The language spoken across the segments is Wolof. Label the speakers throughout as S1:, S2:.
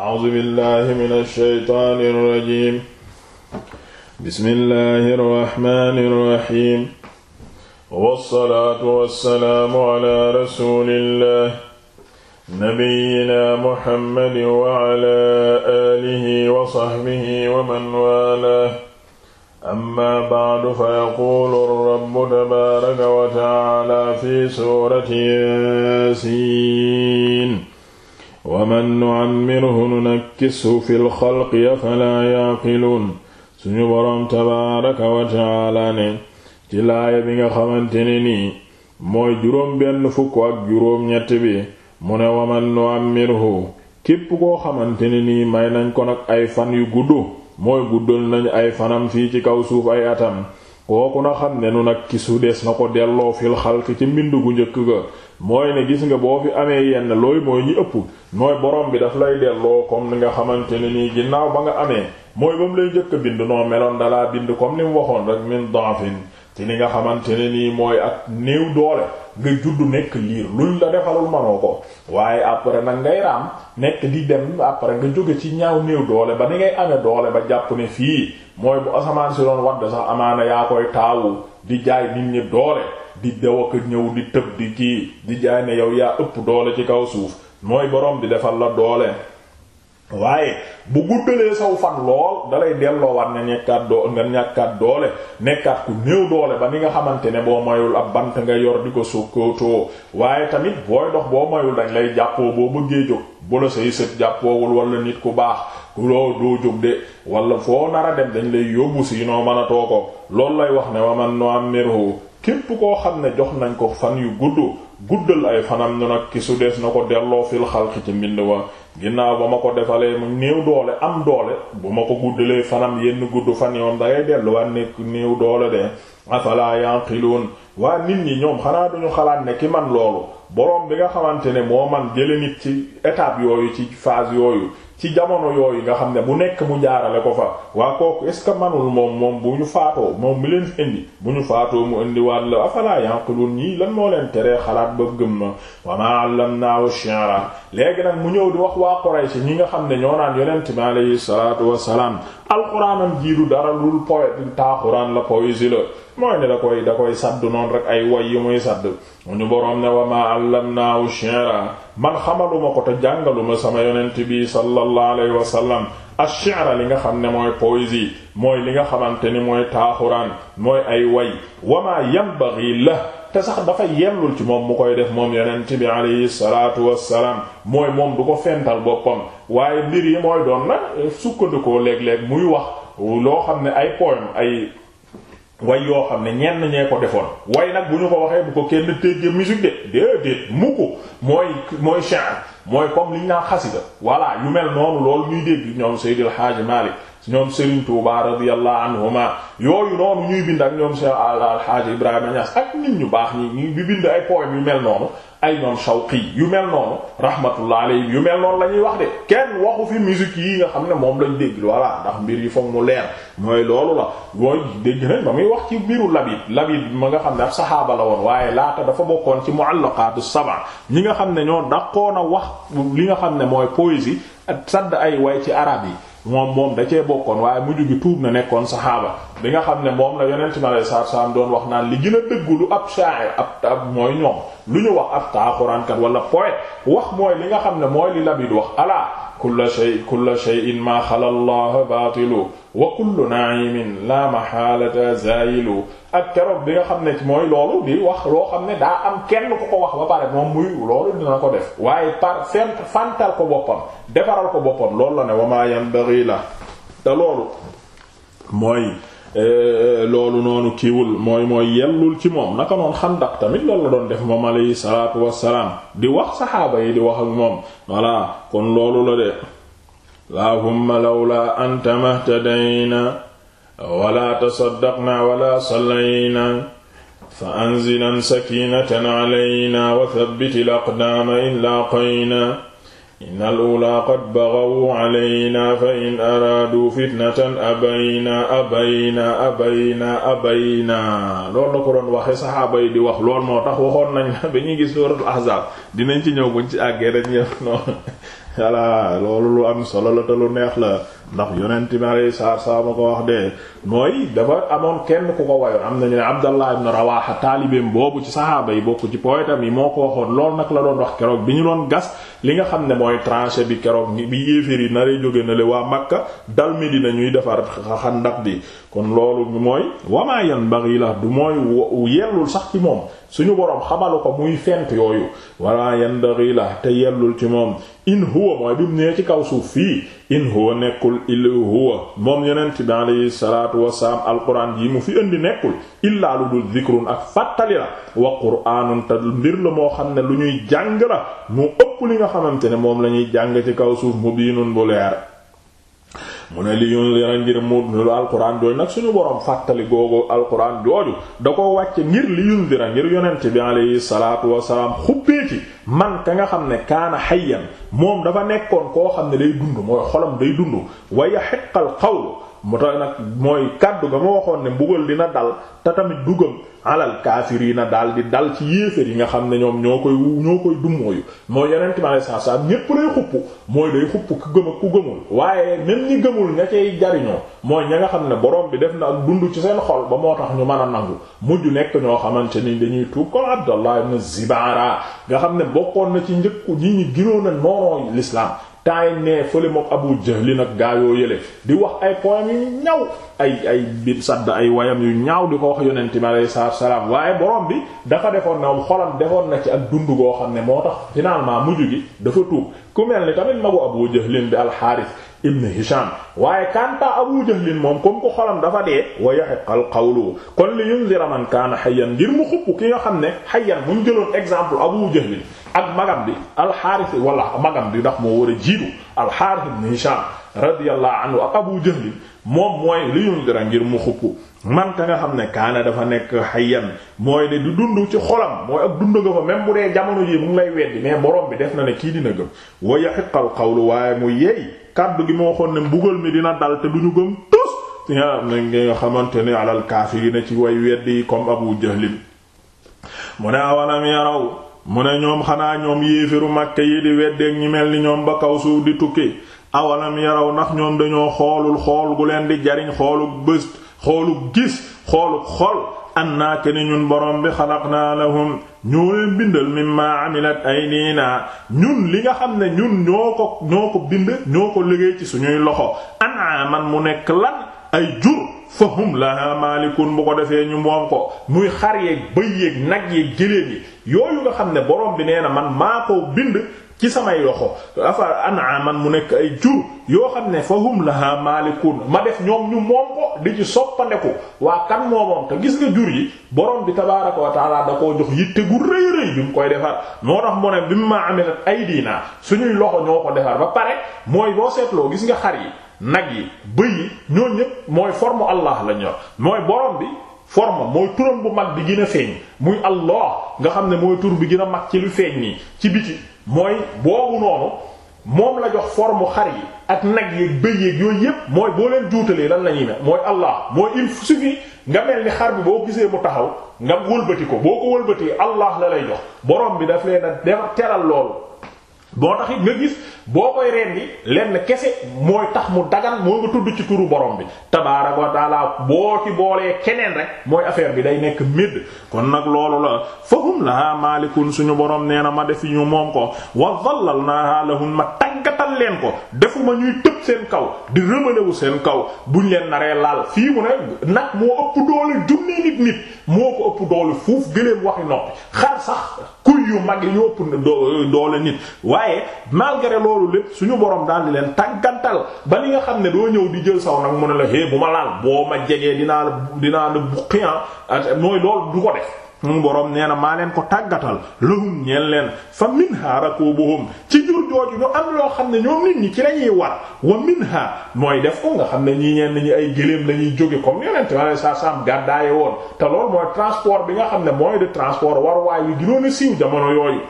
S1: a'uuzu billahi mina shaytaani rajiim bismillahi rahmaani rahiim wassalaatu wassalaamu ala rasuulillahi nabiyyina muhammadin wa ala aalihi wa sahbihi wa man waalaahu amma ba'du fa yaquulu rabbu tabaaraka wa ta'aala fi suurati yaasiin waman nucammirhu nunakkishu fi lxalqi afalaa yaaqiluun suñu boroom tabaaraka wa tacaala ci laaya bi nga xamante ne nii mooy juróom benn fukk ak juróom ñett bi mu ne waman nucammirhu képp koo xamante ne nii may nañ ko nag ay fan yu gudd mooy guddal nañ ay fanam fii ci kaw suuf ay atam kooku na xam ne nu nunakkishu des na ko delloo fil xalqi ci mbind gu njëkk ga mooy ne gis nga boo fi amee yenn looy mooy ñi ëpp mooy borom bi daf lay delloo comme ni nga xamante ne nii ginnaaw ba nga amee mooy ba mu lay jëkk a bind noo meloon dalaa bind comme ni mu waxoon rek min dafin ci li nga xamante ne nii mooy ak néew doole nga juddu nekk liir ñu la defalul manoo ko waaye après nag ngay raam nekk di dem après nga jóge ci ñaaw néew doole ba ni ngay amee doole ba jàpp ne fii mooy bu asamaan si doon wadd sax amaana yaa koy taawu di jaay nit ñi di dew ak ñëw di tëb di kii di jaay ne yow yaa ëpp doole ci kaw suuf mooy boroom di defal la doole waaye bu guddalee saw fan lool dalay delloowaat nga ñekkaat doo nga ñàkkaat doole nekkaat ku néew doole ba ni nga xamante ne boo moyul ab bant nga yor di ko sukkootoo waaye tamit booy dox boo moyul dañ lay jàppoo boo bëggee jóg bu la say sët jàppoowul wala nit ku baax ku loo doo jóg de wala foo nar a dem dañ lay yóbbu si noo mën ko loolu lay wax ne ma no am képp koo xam ne jox nañ ko fan yu gudd guddal ay fanam nu nag ki su dees na ko delloo fil xalqi ci mbind wa ginnaaw ba ma ko defalee mu néew doole am doole bu ma ko guddalee fanam yenn gudd fan yoon dangay delluwaat nekk néew doole de afala yanqiluun waa nit ñi ñoom xanaa duñu xalaat ne ki man loolu boroom bi nga xamante ne moo man jële nit ci étape yooyu ci phase yooyu ci jamono yooyu nga xam ne bu nekk mu jaarale ko fa waa kooku est ce manul moom moom bu ñu faatoo moom mi leen fi indi bu ñu faatoo mu a la afala yanqulun ñii lan moo leen teree xalaat ba gëm ma wa ma allamnaahu shi'ra léegi nag mu ñëw di wax waa Quraysh ñi nga xam ne ñoo naan yonent bi alayhi salaatu wassalaam alxuraanam jiidu dara lul poète taaxuraan la poésie la mooy ne da koy da koy sadd noonu rek ay woy yu muy sadd mu ñu boroom ne wa man xamaluma ko te jàngaluma sama yonent bi sallallahu alayhi wa sallam ash-shi'ra li nga xam ne mooy poésie mooy li nga xamante ni mooy taaxuraan mooy ay way wa ma yanbaghi la te sax dafa yellul ci moom mu koy def moom yonent bi alayhi salaatu wassalaam mooy moom du ko fental boppam waaye mbir yi mooy doon na sukkandikoo léeg-léeg muy wax loo xam ne ay poème ay way yoo xam ne ñenn ñee ko defoon way nag bu ñu ko waxee bu ko kenn tégge musique de déedéet mu ko mooy mooy shi'r mooy comme liñ naa xasida voilà yu mel noonu loolu ñuy dégg ñoom Seydil Hadji Malick ñoom Serigne Touba radiyallahu anhuma yooyu noonu ñuy bind ak ñoom Cheikh Alhaji Ibrahima Niass ak nit ñu baax ñi ñu bi bind ay poèmes yu mel noonu ay ñoom Shawqi yu mel noonu rahmatullah alayhi yu mel noonu la ñuy wax de kenn waxu fi musique yi nga xam ne moom lañ dégg voilà ndax mbir yi foog mu leer mooy loolu la mooy dégg nañ ba muy wax ci mbiru Labid Labid ma nga xam ne ab saxaaba la woon waaye laata dafa bokkoon ci mu'allaqatu sab'a ñi nga xam ne ñoo daqoon a wax li nga xam ne mooy poésie ak sadd ay way ci arab yi moom moom da cee bokkoon waaye mujj gi tuub na nekkoon saxaaba bi nga xam ne moom la yonent mi alayhi salaatu salaam doon wax naan li gën a dëggu lu ab sha'ir ab ab mooy ñoom lu ñu wax ab taaxuraankat wala poète wax mooy li nga xam ne mooy li Labid wax ala kulla shay kulla shayin maa xala allah baatilu wa kullu na'imin la a zaayilu ak keroog bi nga xam ne mooy loolu di wax loo xam ne daa am kenn ku ko wax a pare moom muy loolu dina ko def waaye par fent fantal ko boppam defaral ko boppam loolu la ne wa maa yanbaghi la te loolu mooy Euh, loolu noonu kiiwul mooy mooy yellul ci moom naka noon xandak tamit loolu la doon def moom alayhi salaatu wassalaam di wax saxaaba yi di wax moom voilà kon loolu la de allahumma lawla anta mahtadayna wala tasaddaqna wala sallayna fa anzilan sakinatan alayna wa thabbit al aqdama in laqayna in alula qad bagawu calayna fa in araadu fitnatan abayna abayna abayna abayna loolu la ko doon waxe saxaaba yi di wax lool moo tax waxoon nañ la ba ñuy gis suuratul ahzaab dinañ ci ñëw buñ ci àggee dañ ñëw noonu loolu lu am solo la te lu neex la ndax yonent bi alayhi salaatu wa salaam ko wax de mooy dafa amoon kenn ku ko wayoon am na ñu ne Abdallah ibn Rawaha taalibeem boobu ci saxaaba yi bokk ci poetam yi moo ko waxoon loolu nag la doon wax keroog bi ñu doon gas li nga xam ne mooy tranchée bi keroog bi yéeféer yi naree jóge na le waa Makka dal Medina ñuy defar xandax bi kon loolu mooy wamaa yanbaghi la du mooy yellul sax ci moom suñu boroom xamalu ko muy fent yooyu wamaa yanbaghi la te yellul ci moom bi ci kaw suuf fii in huwa nekkul il huwa moom yonent bi alayhi salaatu wasalaam alquran ji mu fi indi nekkul illaa lu dul zikrun ak fàttali la wa qur'aanun te mbir la moo xam ne lu ñuy jàng la mu ëpp li nga xamante ne moom la ñuy jàng ci kaw suuf mu biinun bu leer mu ne li yun ngir mu alquran jooju nag suñu boroom fàttali googu alquran jooju da ko wàcce ngir li yun ngir yonent bi alayhi salaatu wasalaam xubbee ci man ka nga xam ne kaana hayyan moom dafa nekkoon koo xam ne day dund mooy xolam day dund wa yahiqqal qawl mu tax nag mooy kàddu ga ma waxoon ne mbugal dina dal te tamit dugam alal kaafiriina daal di dal ci yéeféer yi nga xam ne ñoom ñoo koy ñoo koy dummóoyu mooy yeneen ma saa saa ñépp lay xuppu mooy day xuppu ku gëm ak ku gëmul waaye même ñi gëmul ña cay jariñoo mooy ña nga xam ne borom bi def na ak dund ci seen xol ba moo tax ñu mën a nangu mujj nekk ñoo xamante ni dañuy tuub ko Abdallah ibn Zibara nga xam ne bokkoon na ci njëkku ñi ñi ginoon a noonoo temps ne fële moom Abu Jahl nag gaa yoo yële di wax ay poème yu ñaw ay ay biir sadd ay wayam yu ñaaw di ko wax yonent ma alayhi salaatu salaam waaye borom bi dafa defoon na am xolam defoon na ci ak dund goo xam ne moo tax finalement mujj gi dafa tuub ku mel ni tamit magu Abu Jahl bi al Harith ibn Hisham waaye kanta Abu Jahlin moom comme ko xolam dafa dee wa yahiqal qawlu kon li yunzira man kaana hayyan ngir mu xupp ki nga xam ne hayyan mu jëloon exemple Abu Jahlin ak magam bi alxaaris wala magam bi ndax moo war a jiitu alxaaris ibn Hisham radiyallahu anhu ak Abu Jahlin moom mooy li yunzira ngir mu xupp man ka nga xam ne kaana dafa nekk hayyan mooy ne du dund ci xolam mooy ak dund nga fa même bu dee jamono jii mu ngi lay weddi mais borom bi def na ne kii dina gëm wa yahiqal qawlu waaye mu kàddu gi moo waxoon ne mbugal mi dina dal te duñu gëm tus yaa na nga xamante ni alal kaafiriina ci way weddi comme Abu Jahlin mu ne awalam yaraw mu ne ñoom xanaa ñoom yéefiru Makka yi di weddeek ñi mel ni ñoom ba kaw suuf di tukki awalam yaraw ndax ñoom dañoo xoolul xool gu leen di jariñ xooluk bës xooluk gis xooluk xol anaa kene ñun borom bi xalaqnaa lahum ñoo leen bindal mimma amilat aydina ñun li nga xam ne ñun ñoo ko ñoo ko bind ñoo ko liggéey ci suñuy loxo man mu nekk lan ay jur fa hum laha maalikun bu ko defee ñu moom ko muy xar yeeg bëy yeeg nag yeeg jëléen yi yooyu nga xam ne borom bi nee na man maa ko bind ci samay loxo afa an'aman mu nekk ay jur yoo xam ne fa hum laha malikun ma def ñoom ñu moom ko di ci soppandeku waa kan moo te gis nga jur yi borom bi tabaaraka wa taala da ko jox yitte gu rëy rëy bi mu koy defar moo tax mu ne bi mu maa amilat aydina suñuy loxo ñoo ko defar ba pare mooy boo seetloo gis nga xar yi nag yi bëy yi ñoo ñëpp mooy formu Allah la ñor mooy borom bi forme mooy turam bu mag bi gin a feeñ muy allah nga xam ne mooy tur bi gin a mag ci lu feeñ nii ci biti mooy boobu noonu moom la jox forme xar yi ak nag yeeg bëy yeeg yooyu yépp mooy boo leen juutalee lan la ñuy ne mooy allah mooy il suffit nga mel ni xar bi boo gisee mu taxaw nga wëlbati ko boo ko wëlbatee allah la lay jox borom bi daf leen a teral loolu boo tax nga gis boo koy rendi lenn kese mooy tax mu dagal moo nga tudd ci turu borom bi tabaaraka wa boo ci boolee keneen rek mooy affaire bi day nekk midd kon nag loolu la fahum laha maalikun suñu borom nee na ma def ñu moom ko wa zallalnaha lahum ma tàggatal leen ko defuma ñuy tëb seen kaw di rëmalewu seen kaw buñ leen naree laal fii mu ne nag moo ëpp doole junni nit nit moo ko ëpp doole fuuf wax waxi noppi xar sax kuy yu mag yi ñoo ëpp doole nit waaye malgré loolu lépp suñu borom daal di leen tàggantal ba li nga xam ne doo ñëw di jël saw nag mu ne la hé bu ma laal boo ma jegee dinaa la dinaa la buqian ah. mooy loolu du ko def mu borom nee na maa leen ko tàggatal lu ñeel leen fa minha rakubuhum ci jur jooju ñu am loo xam ne ñoom nit ñi ci lañuy war wa minha mooy def ko nga xam ne ñii ñeen ñi ay gëléem la ñuy jóge comme yonent ma sa sam gàddaaye woon te loolu mooy transport bi nga xam ne mooy de transport war waay yu ginoon a siiw jamono yooyu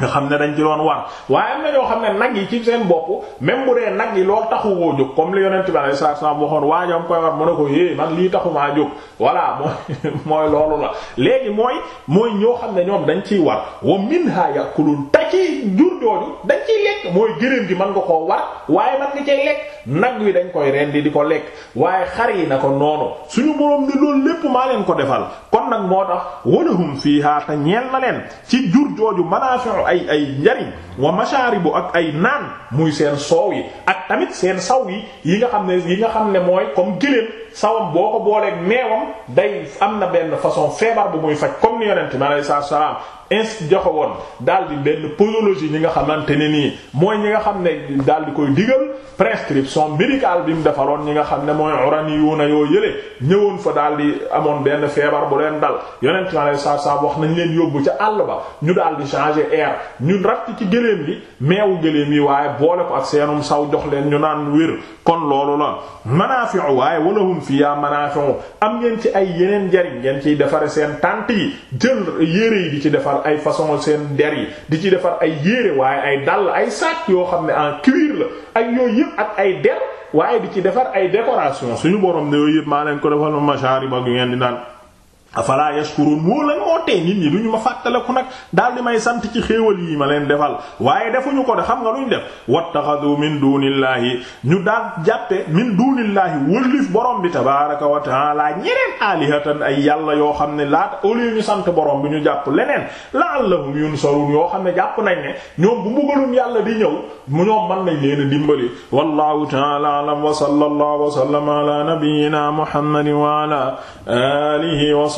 S1: nga xam ne dañ ci doon war waaye am na ñoo xam ne nag yi ci seen bopp même bu dee nag yi loolu taxu koo jóg comme li yonent bi alayhi salaatu wasallam waxoon waajoom koy war mu ne ko é man lii taxu maa jóg voilà mooy mooy loolu la léegi mooy mooy ñoo xam ne ñoom dañ ciy war wa minha yakulun te ci jur jooju dañ ciy lekk gi mën nga koo war waaye nag wi dañ koy rendi di ko lekk waaye xar yi na ko noonu suñu boroom ni loolu lépp maa leen ko defal kon nag moo tax walahum fiha te ñeel na leen ci jur jooju manaafi'u ay ay njariñ wa bu ak ay naan muy seen soow yi tamit seen saw yi yi nga xam ne yi nga xam ne mooy comme gëléem sawam boo ko booleek meewam day am na benn façon feebar bu muy faj comme ni yonent mi alayhi salaatu joxe woon daal di benn posologie ñi nga xamante ne nii mooy ñi nga xam ne daal di koy digal prescription médicale bi mu defaroon ñi nga xam ne mooy orani yu na yoo yële ñëwoon fa daal di amoon benn feebar bu leen dal yonent mi alayhi salaatu salaam wax nañ leen yóbbu ca àll ba ñu daal di changer air ñun rat ci gëléem bi meewu gëléem yi waaye boole ko ak seenum saw jox leen ñu naan wér kon loolu la manaafi'u waaye walahum fiya manaafi'u am ngeen ci ay yeneen njariñ ngeen ciy defaree seen tànt yi jël yére yi di ci defar ay façon seen der yi di ci defar ay yére waaye ay dàll ay sac yoo xam ne en cuir la ak yooyu yëpp ak ay der waaye di ci defar ay décoration suñu borom ne yooyu yëpp maa leen ko defal ma masharib ak yu ngeen di naan afala yashkurun moo leen moo tee nit ñi duñu ma fàttaleku nag daal di may sant ci xéewal yi ma leen defal waaye defuñu ko de xam nga luñ def wattaxadu min dunillahi ñu daal jàppe min dunillahi wëllif borom bi tabaraka wa taala ñeneen alihatan ay yàlla yoo xam ne laata au lieu ñu sant borom bi ñu jàpp leneen la'allahum yunsarun yoo xam ne jàpp nañ ne ñoom bu mbugalum yàlla di ñëw mu ñoom mën nañ leen dimbali wallahu taala alam wa sallallahu wa sallama ala nabiyyina muhammadin wa ala